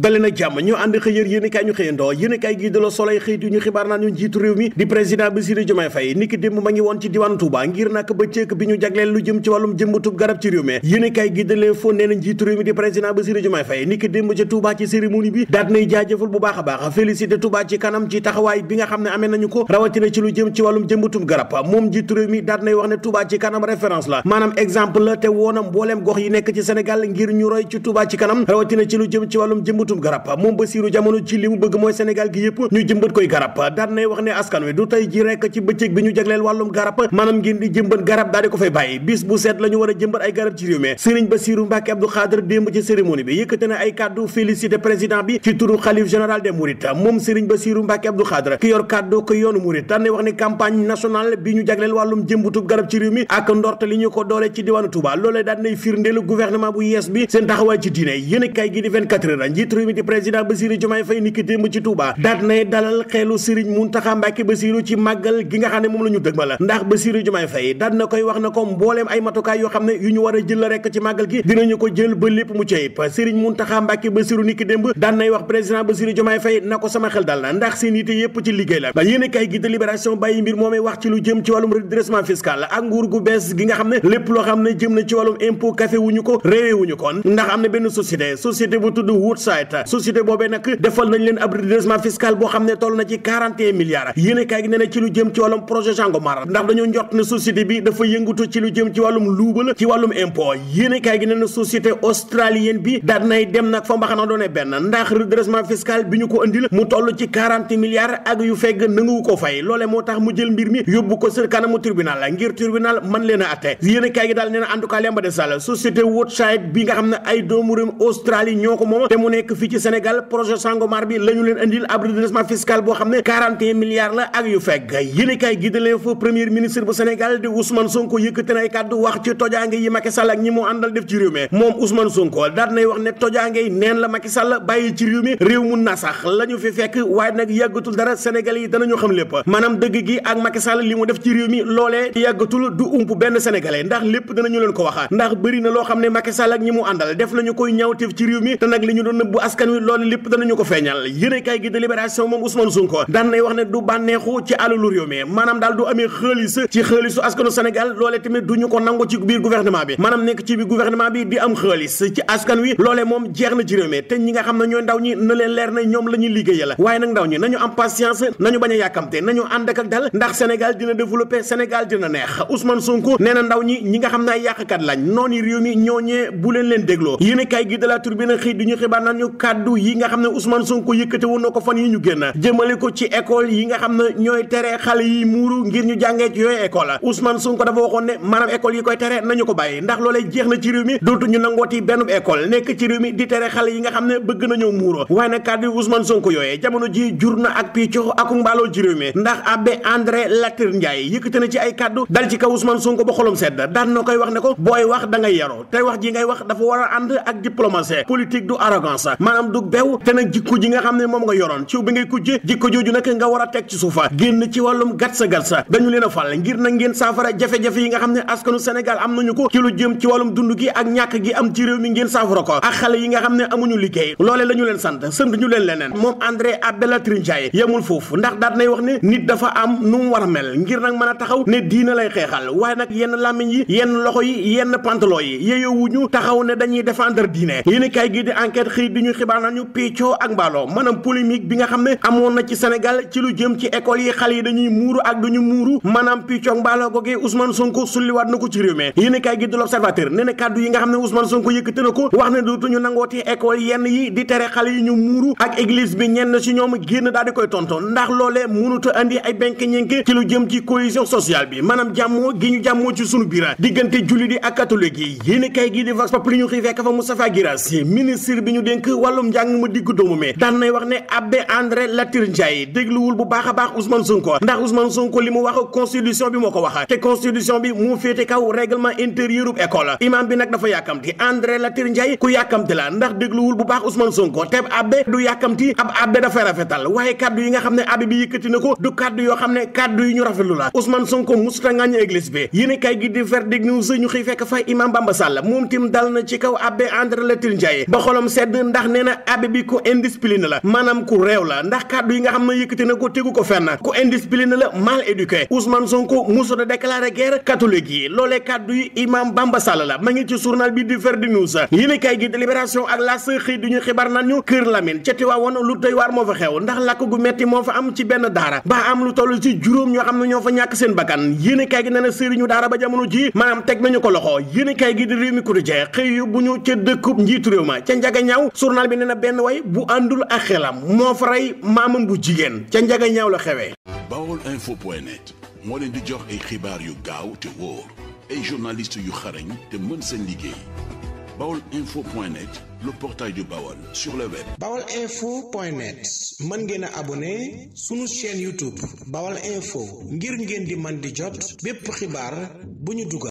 dale na jàmm ñoo ànd xëyër yéenekaay ñu xëyandoo yéenekaay gii de la Soleil xëy ñu xibaar naan ñu njiitu réew mi di président Bassirou Diomaye Faye niki démb woon ci diwaan Touba ngir ci wàllum na njiitu réew mi di président Bassirou Diomaye Faye niki démb ca Touba ci cérémonie bi daat nay jaajëfal bu baax a baax félicité Touba ci kanam ci taxawaay bi nga xam ne amee nañu ko rawatina ci lu jëm ci wàllum jëmbatub garab moom njiitu réew mi daat nay wax ne Touba ci kanam référence la maanaam exemple la te woonam mbooleem gox yi nekk ci Sénégal ngir ñu roy ci Touba ci kanam rawatina ci lu jëm ci jëmbatum garab moom Bassirou jamono ci li mu bëgg a ki yoonu Mouride daan wax ne campagne nationale bi ñu jagleel wàllum jëmbatub garab ci réew mi ak ndorte li ñu ko doole ci diwaanu Touba loolee daan nay firndeelu gouvernement bu yees bi seen taxawaay ci diine yéen kay gi di 24 heures njiitu réew mi di président Bassirou Diomaye Faye niki démb ci Touba daat nay dalal xeelu Serigne Mountakha Mbacké Bassirou ci màggal gi nga xam ne moom la ñu ma la ndax a jël ba lépp mu cayib na ko sama xel dal na ndax seen yitte yépp ci liggéey la ba kay gi de bàyyi mbir moomee wax ci lu jëm ci wàllum redressement fiscal ak nguur gu bees gi nga xam ne lépp loo xam ne jëm na ci wàllum impôt café wuñu ko réewee wuñu ko ndax am na benn société société bu tudd White boobee nag defal nañ leen ab redressement fiscal boo xam ne toll na ci 41 milliards gi nee na ci lu bi dafa dem nag fa mbaxana doone benn ndax redressement fiscal bi ñu ko andil mu toll ci 40 ak yu fegg nangu ko fay loolee moo tax mu jël mbir mi yóbbu ko seen kanamu tribunal ngir tribunal mën leen a atte gi daal nee na en lemba de sall société Woodside bi nga xam ne ay doomu réew Australie ñoo nekk fii ci Sénégal projet Sangomar bi la ñu leen andil ab redressement fiscal boo xam ne 41 la ak yu fegg yéene kaay gi dalee fa premier ministre bu Sénégal di Ousmane Sonko yëkkati na ay kàddu wax ci tojaange yi Macky ak ñi mu àndal def ci réew mi la Macky Sall bàyyi ci réew mi réew mu nasax la ñu fi fekk waaye nag yàggatul dara Sénégal yi danañu xam lépp maanaam dëgg gi ak Macky Sall li mu def ci réew mi loolee yàggatul du ump benn Sénégalais ndax lépp danañu leen ko waxa ndax bëri na loo xam ne Macky Sall ak ñi mu àndal def nañu koy askan wi loolu lépp danañu ko feeñal yéenekaay gi de Libération moom Ousmane Sonko daan nay wax ne du bànneexu ci alalu réew mi maanaam daal du amee xaalis ci xaalisu askanu Sénégal loolee tamit duñu ko nangu ci biir gouvernement bi maanaam nekk ci biir gouvernement bi di am xaalis ci askan wi loolee moom jeex na ci mi te ñi nga xam na ñooy ndaw ñi na leen leer na ñoom la ñuy liggéeya la waaye nag ndaw ñi nañu am patience nañu bañ a yàkkamte nañu ànd ak ak dal ndax Sénégal dina développé Sénégal dina neex Ousmane Sonko nee na ndaw ñi ñi nga xam ne ay yàqkat lañ noonu réew mi ñooñee bu leen leen dégloo yéenekaay kàddu yi nga xam ne Ousmane Sonko yëkkate woon na ko fan yi ñu génn jëmale ko ci école yi nga xam ne ñooy tere xale yi muuru ngir ñu jàngee ci yooyu école Ousmane Sonko dafa waxoon ne maanaam école yi koy tere nañu ko bàyyi ndax loolee jeex na ci réew mi dootu ñu nangooti benn école nekk ci réew mi di tere xale yi nga xam ne bëgg nañoo muuro waaye nag kàddu Ousmane Sonko yooyee jamono ji jur na ak piccoo ak mbaaloo ci réew mi ndax abbé André Latir Ndiaye yëkkate na ci ay kàddu dal ci kaw Ousmane Sonko ba xolom daan na koy wax ne ko booy wax da ngay tey wax ji ngay wax dafa war a ànd ak diplomatie politique du arrogance maanaam du bew te nag jikko ji nga xam ne moom nga yoroon ciw bi ngay kujje jikko jooju nag nga war a teg ci suufa génn ci wàllum gatsa gatsa dañu leen a fal ngir na ngeen saafara jafe-jafe yi nga xam ne askanu Sénégal am nañu ko ci lu jëm ci wàllum dund gi ak ñàkk gi am ci réew mi ngeen saafara ko ak xale yi nga xam ne amuñu liggéey loole la ñu leen sant sant ñu leen leneen moom André Abdallah Ndiaye yemul foofu ndax daat nay wax ne nit dafa am nu mu war a mel ngir nag mën a taxaw ne diina lay xeexal waaye nag yenn làmmiñ yi yenn loxo yi yenn pantalon yi yeyowuñu taxaw ne dañuy défendre diine yéen ñu xibaar nañu péccoo ak mbaloo maanaam polémique bi nga xam ne amoon na ci Sénégal ci lu jëm ci école yi xale yi dañuy muuru ak duñu muuru maanaam péccoo ak mbaloo googee Ousmane Sonko sulliwaat na ko ci réew mi yéen kaay gi de na kàddu yi nga xam ne Ousmane Sonko yëkkate na ko wax ne dootuñu nangooti école yenn yi di tere xale ñu muuru ak église ñenn si ñoom génn daal di koy tonton ndax loolee mënut a ay benk ñenke ci lu jëm ci cohésion sociale bi maanaam jàmmoo gi ñu jàmmoo ci sunu biira diggante jullit yi ak catholique yi yéen kaay gi ministre bi ñu dénk wàllum njàng ma diggu doomu mi daan wax ne Abbé André Latyr Ndiaye dégluwul bu baax a baax Ousmane Sonko ndax Ousmane Sonko li mu wax constitution bi moo ko wax te constitution bi mu féete kaw règlement intérieur ub école imam bi nag dafa yàkkamti André Latyr Ndiaye ku yàkkamti la ndax dégluwul bu baax Ousmane Sonko te abbé du yàkkamti ab abbé dafa rafetal waaye kaddu yi nga xam ne abbé bi yëkkati na ko du kaddu yoo xam ne kaddu yi ñu rafetlu la Ousmane Sonko musuta ngaañu église bi yéen kay gi di faire dégg ñu ndax nee na abbé bi ku indiscipline la maanaam ku réew la ndax kàddu yi nga xam ne yëkkati na ko tegu ko fenn ku indiscipline la mal éduqué Ousmane Sonko musu da déclaré guerre catholique yi loolee kàddu yi imam Bamba Sall la ma ngi ci journal bi di Verdi News yéen kay gi délibération ak la xëy du ñu xibaar naan ñu Kër Lamine ca Tiwaawoon lu tey waar moo fa xew ndax lakk gu metti moo fa am ci benn daara ba am lu toll ci juróom ñoo xam na ñoo fa ñàkk seen bakkan yéen kay gi nee na sëriñu daara ba jamono ji maanaam teg nañu ko loxo yéen kay gi di réew mi ku xëy yu bu ñu ca dëkkub réew ma ca njaga ñaaw journal bi nee na benn bu àndul ak moo fa rey bu jigéen ca njaga ñaaw la xewee. Baol info moo leen di jox ay xibaar yu gaaw te wóor journaliste yu xarañ te mën seen liggéey Baol info point net le portail du Baol sur le web. Baol info net mën ngeen a abonné sunu chaîne YouTube Baol info ngir ngeen di man di jot bépp xibaar bu ñu dugal.